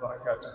Bhagavatam.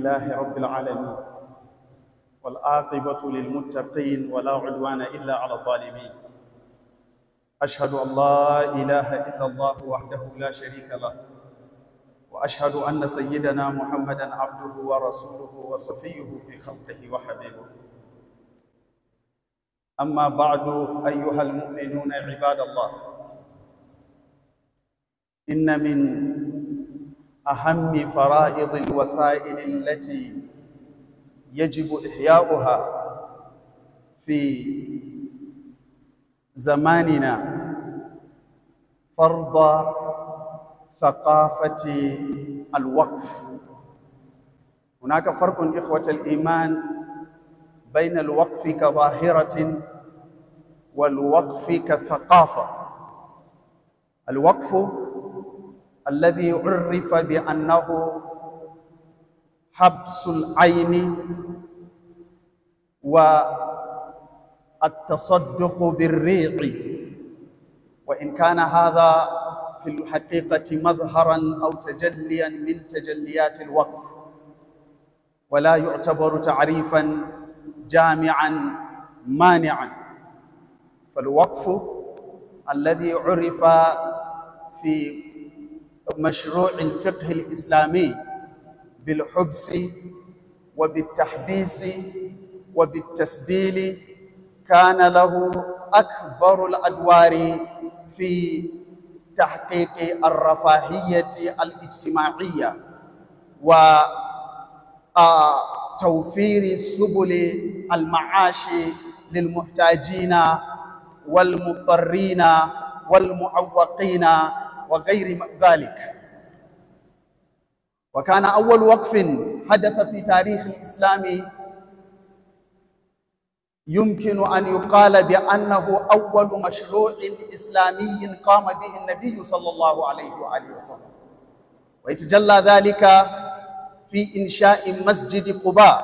لله رب العالمين والآقبة للمتقين ولا عدوان إلا على الظالمين أشهد أن لا إله إلا الله وحده لا شريك له وأشهد أن سيدنا محمدًا عبده ورسوله وصفيه في خلقه وحبيبه أما بعد أيها المؤمنون عباد الله إن من أهم فرائض الوسائل التي يجب إحياؤها في زماننا فرض ثقافة الوقف هناك فرق إخوة الإيمان بين الوقف كظاهرة والوقف كثقافة الوقف الذي عرف بأنه حبس العين والتصدق بالريق وإن كان هذا في الحقيقة مظهرا أو تجليا من تجليات الوقف ولا يعتبر تعريفا جامعا مانعا فالوقف الذي عرف في مشروع الفقه الإسلامي بالحبس وبالتحبيس وبالتسبيل كان له أكبر الأدوار في تحقيق الرفاهية الاجتماعية وتوفير سبل المعاش للمحتاجين والمضطرين والمعوقين وغير ذلك وكان أول وقف حدث في تاريخ الإسلام يمكن أن يقال بأنه أول مشروع إسلامي قام به النبي صلى الله عليه وآله وسلم ويتجلى ذلك في إنشاء مسجد قباء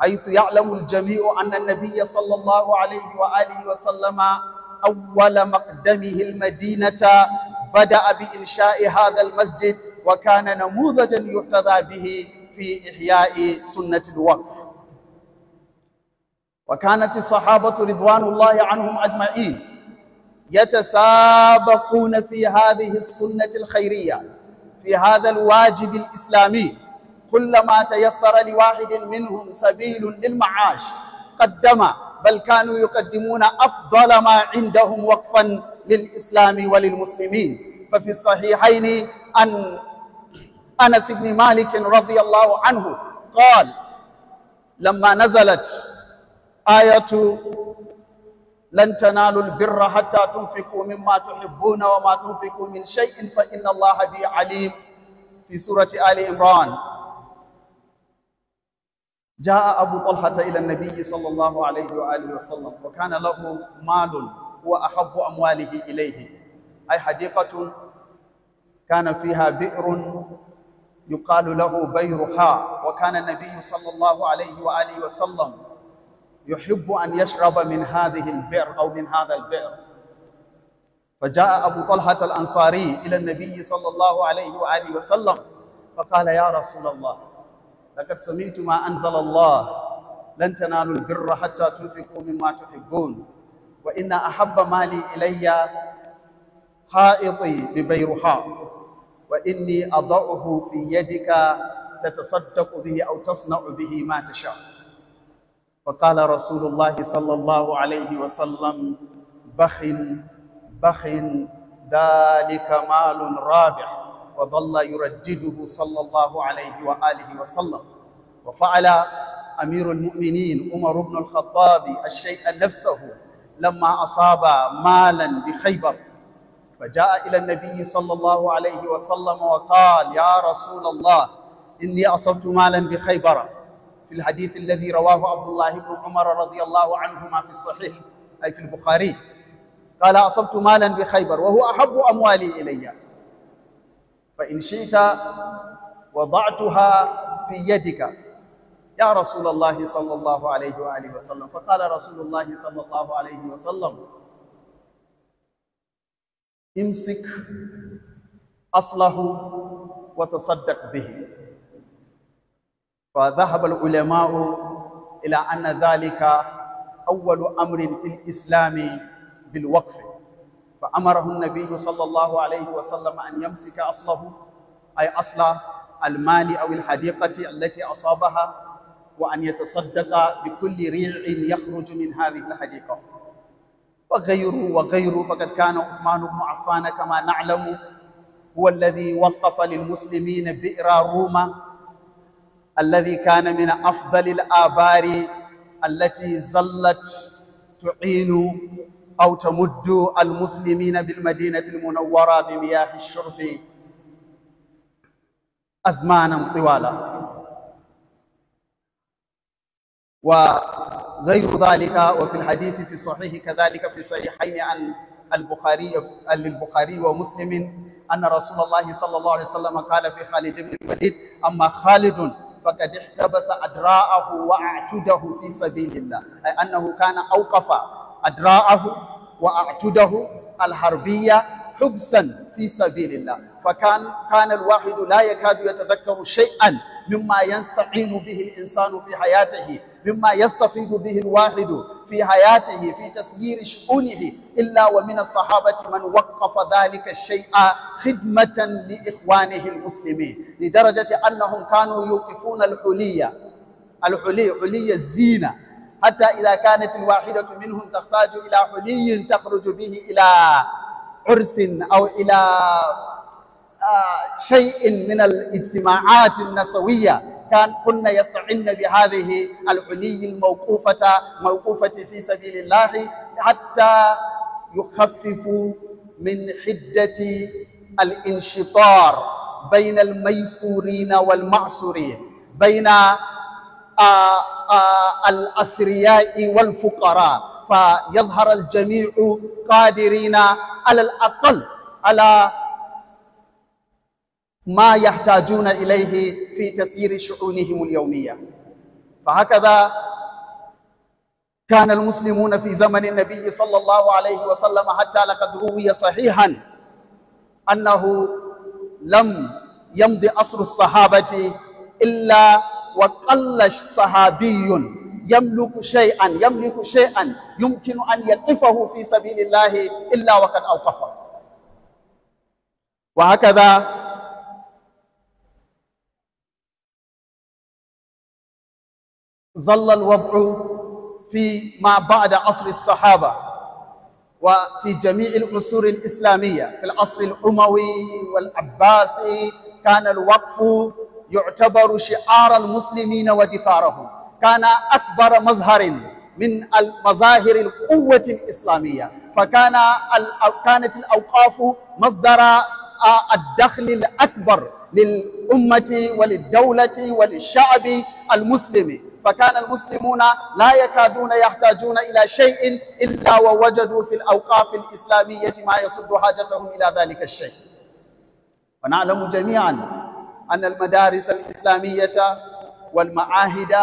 حيث يعلم الجميع أن النبي صلى الله عليه وآله وسلم أول مقدمه المدينة بدأ بإنشاء هذا المسجد وكان نموذجا يحتذى به في إحياء سنة الوقف وكانت الصحابة رضوان الله عنهم أجمعين يتسابقون في هذه السنة الخيرية في هذا الواجب الإسلامي كلما تيسر لواحد منهم سبيل للمعاش قدم بل كانوا يقدمون أفضل ما عندهم وقفا للإسلام وللمسلمين ففي الصحيحين أن أنس بن مالك رضي الله عنه قال لما نزلت آية لن تنالوا البر حتى تنفقوا مما تحبون وما تنفقوا من شيء فإن الله به عليم في سورة آل عمران جاء أبو طلحة إلى النبي صلى الله عليه وآله وسلم وكان له مال هو أحب أمواله إليه أي حديقة كان فيها بئر يقال له بيرها وكان النبي صلى الله عليه وآله وسلم يحب أن يشرب من هذه البئر أو من هذا البئر فجاء أبو طلحة الأنصاري إلى النبي صلى الله عليه وآله وسلم فقال يا رسول الله لقد سمعت ما أنزل الله لن تنالوا البر حتى تنفقوا مما تحبون وإن أحب مالي إلي حائطي ببيرحاء وإني أضعه في يدك تتصدق به أو تصنع به ما تشاء فقال رسول الله صلى الله عليه وسلم بخ بخ ذلك مال رابح وظل يردده صلى الله عليه وآله وسلم وفعل أمير المؤمنين عمر بن الخطاب الشيء نفسه لما أصاب مالا بخيبر فجاء إلى النبي صلى الله عليه وسلم وقال يا رسول الله إني أصبت مالا بخيبر في الحديث الذي رواه عبد الله بن عمر رضي الله عنهما في الصحيح أي في البخاري قال أصبت مالا بخيبر وهو أحب أموالي إلي فإن شئت وضعتها في يدك يا رسول الله صلى الله عليه وآله وسلم فقال رسول الله صلى الله عليه وسلم امسك أصله وتصدق به فذهب العلماء إلى أن ذلك أول أمر في الإسلام بالوقف فأمره النبي صلى الله عليه وسلم أن يمسك أصله أي أصل المال أو الحديقة التي أصابها وأن يتصدق بكل ريع يخرج من هذه الحديقة وغيره وغيره فقد كان عثمان بن عفان كما نعلم هو الذي وقف للمسلمين بئر روما الذي كان من أفضل الآبار التي ظلت تعين أو تمدوا المسلمين بالمدينة المنورة بمياه الشرف أزمانا طوالا وغير ذلك وفي الحديث في الصحيح كذلك في صحيحين عن البخاري للبخاري ومسلم أن رسول الله صلى الله عليه وسلم قال في خالد بن الوليد أما خالد فقد احتبس أدراءه وأعتده في سبيل الله أي أنه كان أوقف أدراءه وأعتده الحربية حبسا في سبيل الله فكان كان الواحد لا يكاد يتذكر شيئا مما يستعين به الإنسان في حياته مما يستفيد به الواحد في حياته في تسيير شؤونه إلا ومن الصحابة من وقف ذلك الشيء خدمة لإخوانه المسلمين لدرجة أنهم كانوا يوقفون الحلية الحلية حلية الزينة حتى إذا كانت الواحدة منهم تحتاج إلى حلي تخرج به إلى عرس أو إلى آه، شيء من الاجتماعات النسوية كان كنا يستعن بهذه الحلي الموقوفة موقوفة في سبيل الله حتى يخفف من حدة الانشطار بين الميسورين والمعسورين بين آه آه، الأثرياء والفقراء فيظهر الجميع قادرين على الأقل على ما يحتاجون إليه في تسيير شؤونهم اليومية فهكذا كان المسلمون في زمن النبي صلى الله عليه وسلم حتى لقد روي صحيحا أنه لم يمضي أصر الصحابة إلا وقل صحابي يملك شيئا يملك شيئا يمكن أن يقفه في سبيل الله إلا وقد أوقفه وهكذا ظل الوضع في ما بعد عصر الصحابة وفي جميع العصور الإسلامية في العصر الأموي والعباسي كان الوقف يعتبر شعار المسلمين ودفارهم كان أكبر مظهر من المظاهر القوة الإسلامية فكان كانت الأوقاف مصدر الدخل الأكبر للأمة وللدولة وللشعب المسلم فكان المسلمون لا يكادون يحتاجون إلى شيء إلا ووجدوا في الأوقاف الإسلامية ما يسد حاجتهم إلى ذلك الشيء ونعلم جميعاً أن المدارس الإسلامية والمعاهد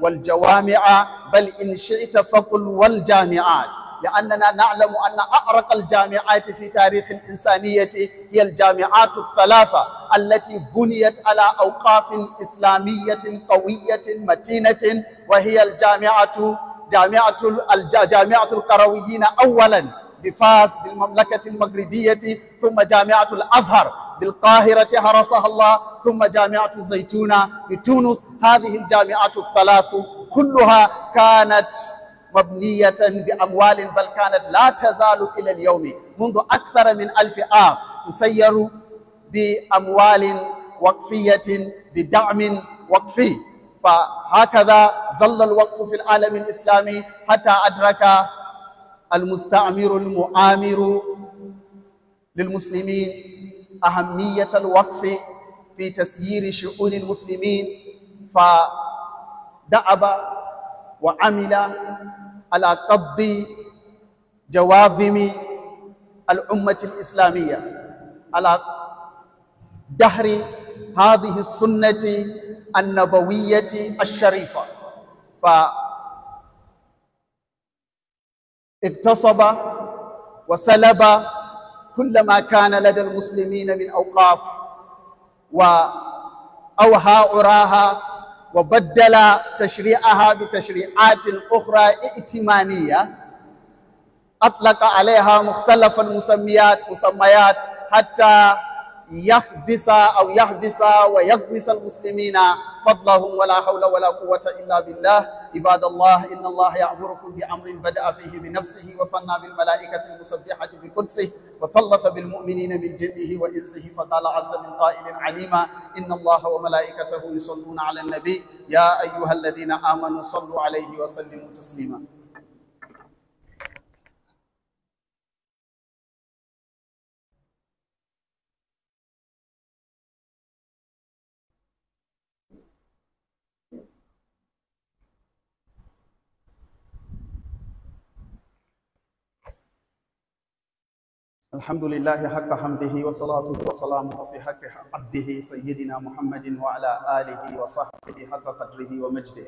والجوامع بل إن شئت فقل والجامعات لأننا نعلم أن أعرق الجامعات في تاريخ الإنسانية هي الجامعات الثلاثة التي بنيت على أوقاف إسلامية قوية متينة وهي الجامعة جامعة الجامعة القرويين أولاً بفاس بالمملكة المغربية ثم جامعة الأزهر بالقاهرة حرسها الله ثم جامعة الزيتونة بتونس هذه الجامعات الثلاث كلها كانت مبنية بأموال بل كانت لا تزال إلى اليوم منذ أكثر من ألف عام تسير بأموال وقفية بدعم وقفي فهكذا ظل الوقف في العالم الإسلامي حتى أدرك المستعمر المعامر للمسلمين أهمية الوقف في تسيير شؤون المسلمين فدعب وعمل على قبض جوابم الأمة الإسلامية على دهر هذه السنة النبوية الشريفة ف اغتصب وسلب كل ما كان لدى المسلمين من أوقاف وأوهى عراها وبدل تشريعها بتشريعات أخرى ائتمانية أطلق عليها مختلف المسميات مسميات حتى يحبس أو يحبس ويكبس المسلمين فضلهم ولا حول ولا قوة إلا بالله عباد الله إن الله يأمركم بأمر بدأ فيه بنفسه وفنى بالملائكة المسبحة بقدسه وثلث بالمؤمنين من جنه وإنسه فقال عز من قائل عليما إن الله وملائكته يصلون على النبي يا أيها الذين آمنوا صلوا عليه وسلموا تسليما الحمد لله حق حمده وصلاته وسلامه في حق عبده سيدنا محمد وعلى آله وصحبه حق قدره ومجده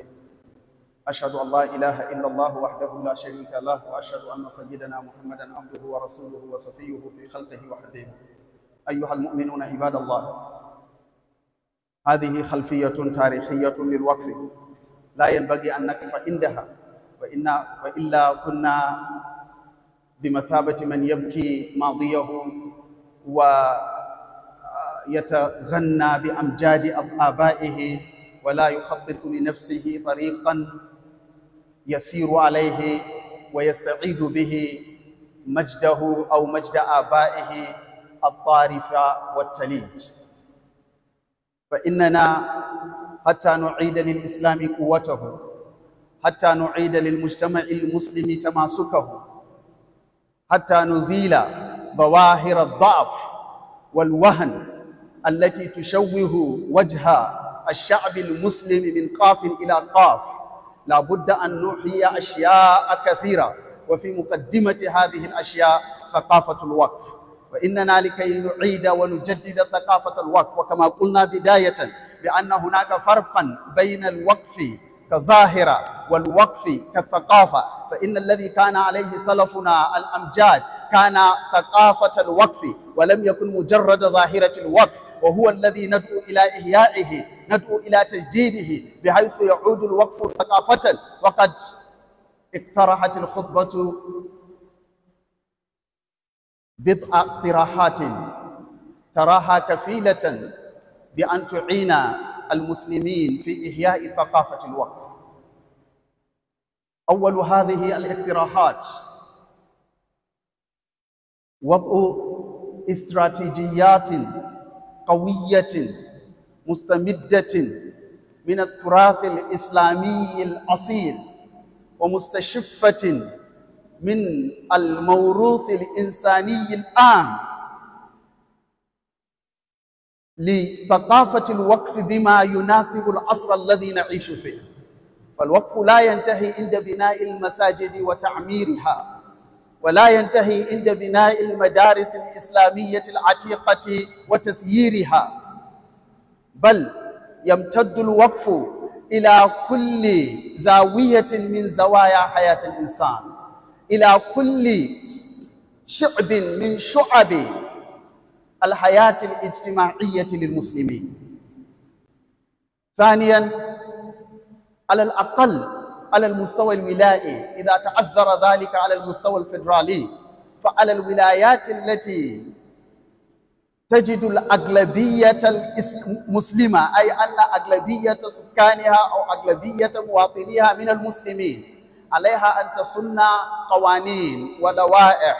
أشهد أن لا إله إلا الله وحده لا شريك له وأشهد أن سيدنا محمدا عبده ورسوله وصفيه في خلقه وحده أيها المؤمنون عباد الله هذه خلفية تاريخية للوقف لا ينبغي أن نقف عندها وإن وإلا كنا بمثابة من يبكي ماضيه ويتغنى بأمجاد آبائه ولا يخطط لنفسه طريقا يسير عليه ويستعيد به مجده أو مجد آبائه الطارف والتليج فإننا حتى نعيد للإسلام قوته حتى نعيد للمجتمع المسلم تماسكه حتى نزيل ظواهر الضعف والوهن التي تشوه وجه الشعب المسلم من قاف إلى قاف لا بد أن نحيي أشياء كثيرة وفي مقدمة هذه الأشياء ثقافة الوقف وإننا لكي نعيد ونجدد ثقافة الوقف وكما قلنا بداية بأن هناك فرقا بين الوقف كظاهرة والوقف كثقافة فإن الذي كان عليه سلفنا الأمجاد كان ثقافة الوقف ولم يكن مجرد ظاهرة الوقف وهو الذي ندعو إلى إحيائه ندعو إلى تجديده بحيث يعود الوقف ثقافة وقد اقترحت الخطبة بضع اقتراحات تراها كفيلة بأن تعين المسلمين في إحياء ثقافة الوقف أول هذه الاقتراحات وضع استراتيجيات قوية مستمدة من التراث الإسلامي الأصيل ومستشفة من الموروث الإنساني الآن لثقافة الوقف بما يناسب العصر الذي نعيش فيه فالوقف لا ينتهي عند بناء المساجد وتعميرها ولا ينتهي عند بناء المدارس الإسلامية العتيقة وتسييرها بل يمتد الوقف إلى كل زاوية من زوايا حياة الإنسان إلى كل شعب من شعب الحياة الاجتماعية للمسلمين ثانيا على الأقل على المستوى الولائي إذا تعذر ذلك على المستوى الفدرالي فعلى الولايات التي تجد الأغلبية المسلمة أي أن أغلبية سكانها أو أغلبية مواطنيها من المسلمين عليها أن تصن قوانين ولوائح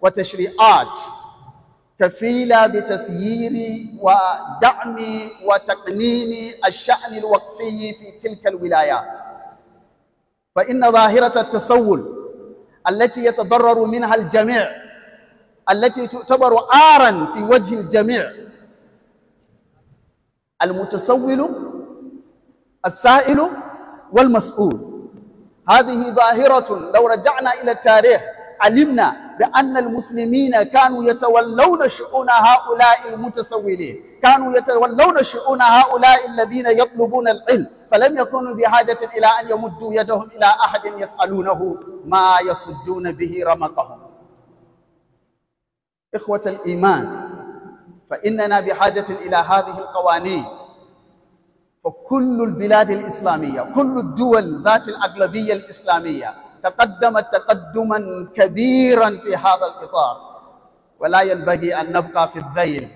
وتشريعات كفيلة بتسيير ودعم وتقنين الشأن الوقفي في تلك الولايات فإن ظاهرة التسول التي يتضرر منها الجميع التي تعتبر آرا في وجه الجميع المتسول السائل والمسؤول هذه ظاهرة لو رجعنا إلى التاريخ علمنا بأن المسلمين كانوا يتولون شؤون هؤلاء المتسولين كانوا يتولون شؤون هؤلاء الذين يطلبون العلم فلم يكونوا بحاجة إلى أن يمدوا يدهم إلى أحد يسألونه ما يصدون به رمقهم إخوة الإيمان فإننا بحاجة إلى هذه القوانين وكل البلاد الإسلامية كل الدول ذات الأغلبية الإسلامية تقدمت تقدما كبيرا في هذا الإطار ولا ينبغي أن نبقى في الذيل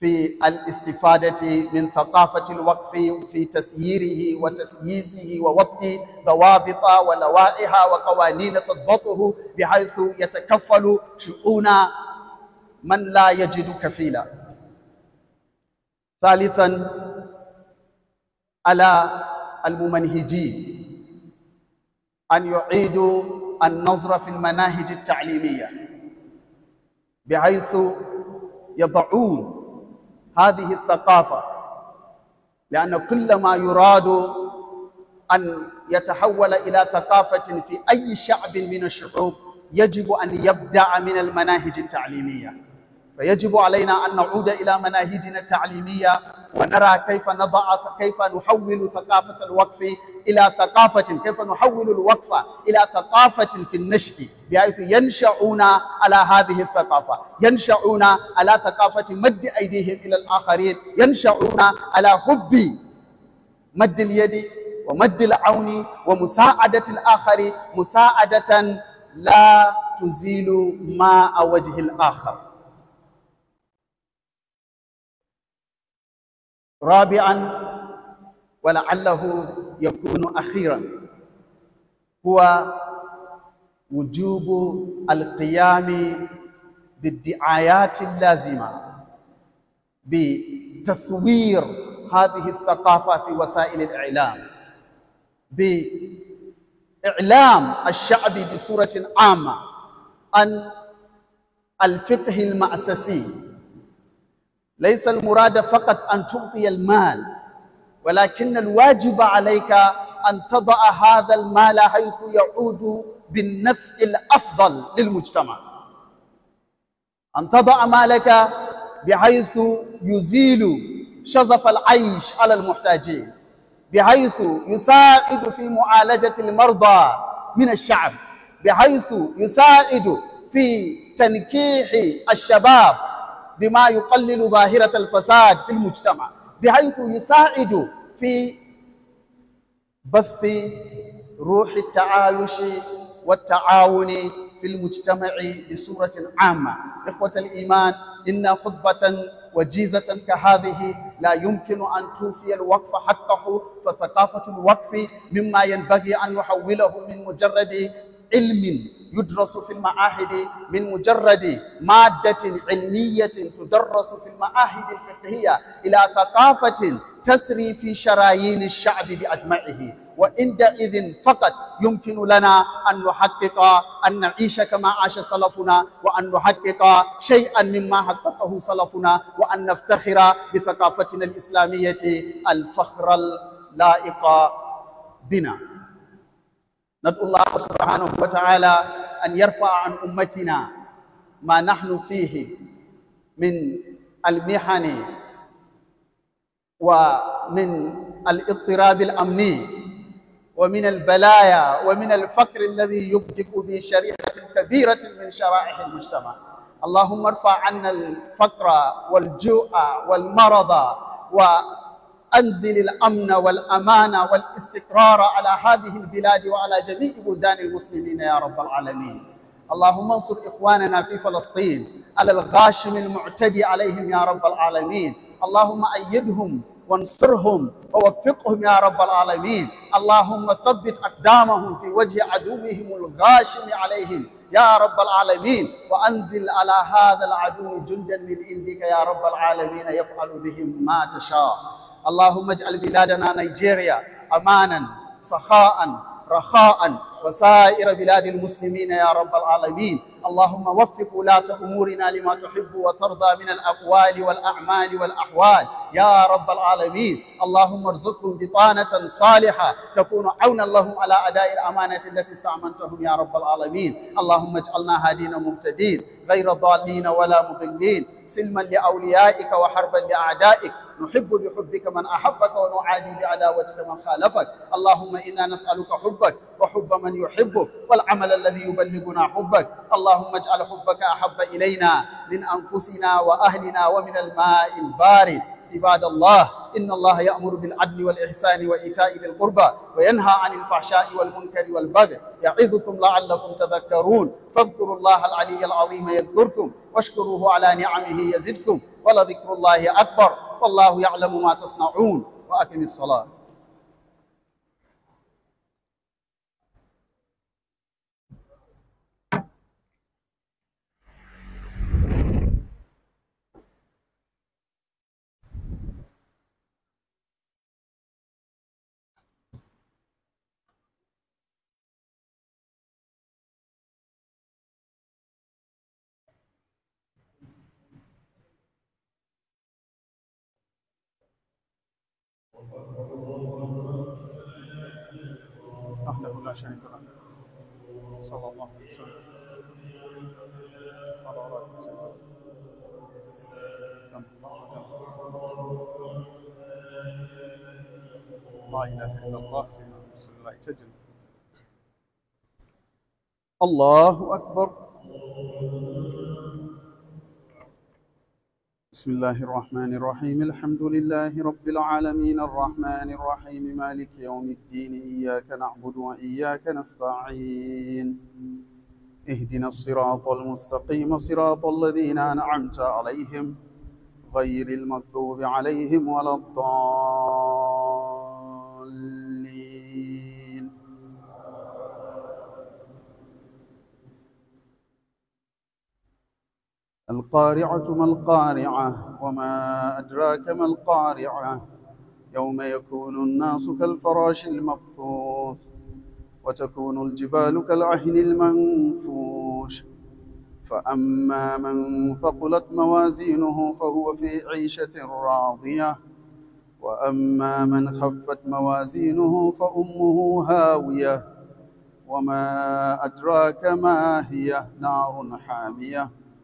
في الاستفادة من ثقافة الوقف في تسييره وتسييسه ووضع ضوابط ولوائح وقوانين تضبطه بحيث يتكفل شؤون من لا يجد كفيلا ثالثا على الممنهجين أن يعيدوا النظر في المناهج التعليمية بحيث يضعون هذه الثقافة لأن كل ما يراد أن يتحول إلى ثقافة في أي شعب من الشعوب يجب أن يبدأ من المناهج التعليمية فيجب علينا أن نعود إلى مناهجنا التعليمية ونرى كيف نضع كيف نحول ثقافة الوقف إلى ثقافة كيف نحول الوقف إلى ثقافة في النشء بحيث ينشأون على هذه الثقافة ينشأون على ثقافة مد أيديهم إلى الآخرين ينشأون على حب مد اليد ومد العون ومساعدة الآخر مساعدة لا تزيل ماء وجه الآخر رابعا ولعله يكون أخيرا هو وجوب القيام بالدعايات اللازمة بتثوير هذه الثقافة في وسائل الإعلام بإعلام الشعب بصورة عامة عن الفقه المأسسي ليس المراد فقط أن تعطي المال ولكن الواجب عليك أن تضع هذا المال حيث يعود بالنفع الأفضل للمجتمع أن تضع مالك بحيث يزيل شظف العيش على المحتاجين بحيث يساعد في معالجة المرضى من الشعب بحيث يساعد في تنكيح الشباب بما يقلل ظاهرة الفساد في المجتمع بحيث يساعد في بث روح التعايش والتعاون في المجتمع بصورة عامة إخوة الإيمان إن خطبة وجيزة كهذه لا يمكن أن توفي الوقف حقه فثقافة الوقف مما ينبغي أن نحوله من مجرد علم يدرس في المعاهد من مجرد مادة علمية تدرس في المعاهد الفقهية إلى ثقافة تسري في شرايين الشعب بأجمعه وعندئذ فقط يمكن لنا أن نحقق أن نعيش كما عاش سلفنا وأن نحقق شيئا مما حققه سلفنا وأن نفتخر بثقافتنا الإسلامية الفخر اللائق بنا ندعو الله سبحانه وتعالى أن يرفع عن أمتنا ما نحن فيه من المحن ومن الاضطراب الأمني ومن البلايا ومن الفقر الذي يبدئ بشريحة كبيرة من شرائح المجتمع اللهم ارفع عنا الفقر والجوع والمرض و أنزل الأمن والأمان والاستقرار على هذه البلاد وعلى جميع بلدان المسلمين يا رب العالمين اللهم انصر إخواننا في فلسطين على الغاشم المعتدي عليهم يا رب العالمين اللهم أيدهم وانصرهم ووفقهم يا رب العالمين اللهم ثبت أقدامهم في وجه عدوهم الغاشم عليهم يا رب العالمين وأنزل على هذا العدو جندا من عندك يا رب العالمين يفعل بهم ما تشاء اللهم اجعل بلادنا نيجيريا أمانا سخاء رخاء وسائر بلاد المسلمين يا رب العالمين اللهم وفق ولاة أمورنا لما تحب وترضى من الأقوال والأعمال والأحوال يا رب العالمين اللهم ارزقهم بطانة صالحة تكون عونا لهم على أداء الأمانة التي استعملتهم يا رب العالمين اللهم اجعلنا هادين مهتدين غير ضالين ولا مضلين سلما لأوليائك وحربا لأعدائك نحب بحبك من أحبك ونعادي بعداوتك من خالفك اللهم إنا نسألك حبك وحب من يحبك والعمل الذي يبلغنا حبك اللهم اللهم اجعل حبك أحب إلينا من أنفسنا وأهلنا ومن الماء البارد عباد الله إن الله يأمر بالعدل والإحسان وإيتاء ذي القربى وينهى عن الفحشاء والمنكر والبغي يعظكم لعلكم تذكرون فاذكروا الله العلي العظيم يذكركم واشكروه على نعمه يزدكم ولذكر الله أكبر والله يعلم ما تصنعون وأقم الصلاة لا شريك صلى الله عليه وسلم لا إله إلا الله سيدنا رسول الله تجل الله أكبر بسم الله الرحمن الرحيم الحمد لله رب العالمين الرحمن الرحيم مالك يوم الدين إياك نعبد وإياك نستعين اهدنا الصراط المستقيم صراط الذين أنعمت عليهم غير المكتوب عليهم ولا الضالين القارعة ما القارعة وما أدراك ما القارعة يوم يكون الناس كالفراش المبثوث وتكون الجبال كالعهن المنفوش فأما من ثقلت موازينه فهو في عيشة راضية وأما من خفت موازينه فأمه هاوية وما أدراك ما هي نار حامية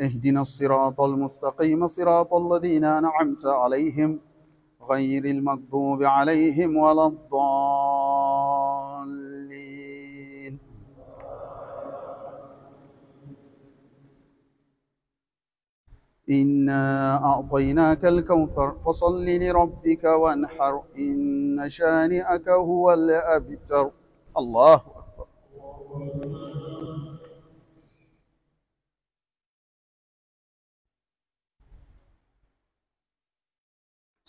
اهدنا الصراط المستقيم صراط الذين أنعمت عليهم غير المغضوب عليهم ولا الضالين إنا أعطيناك الكوثر فصل لربك وانحر إن شانئك هو الأبتر الله أكبر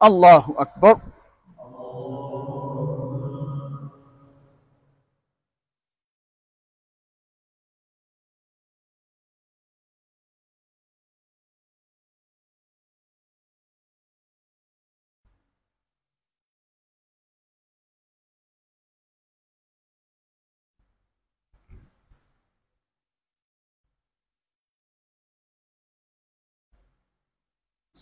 Allahu Akbar.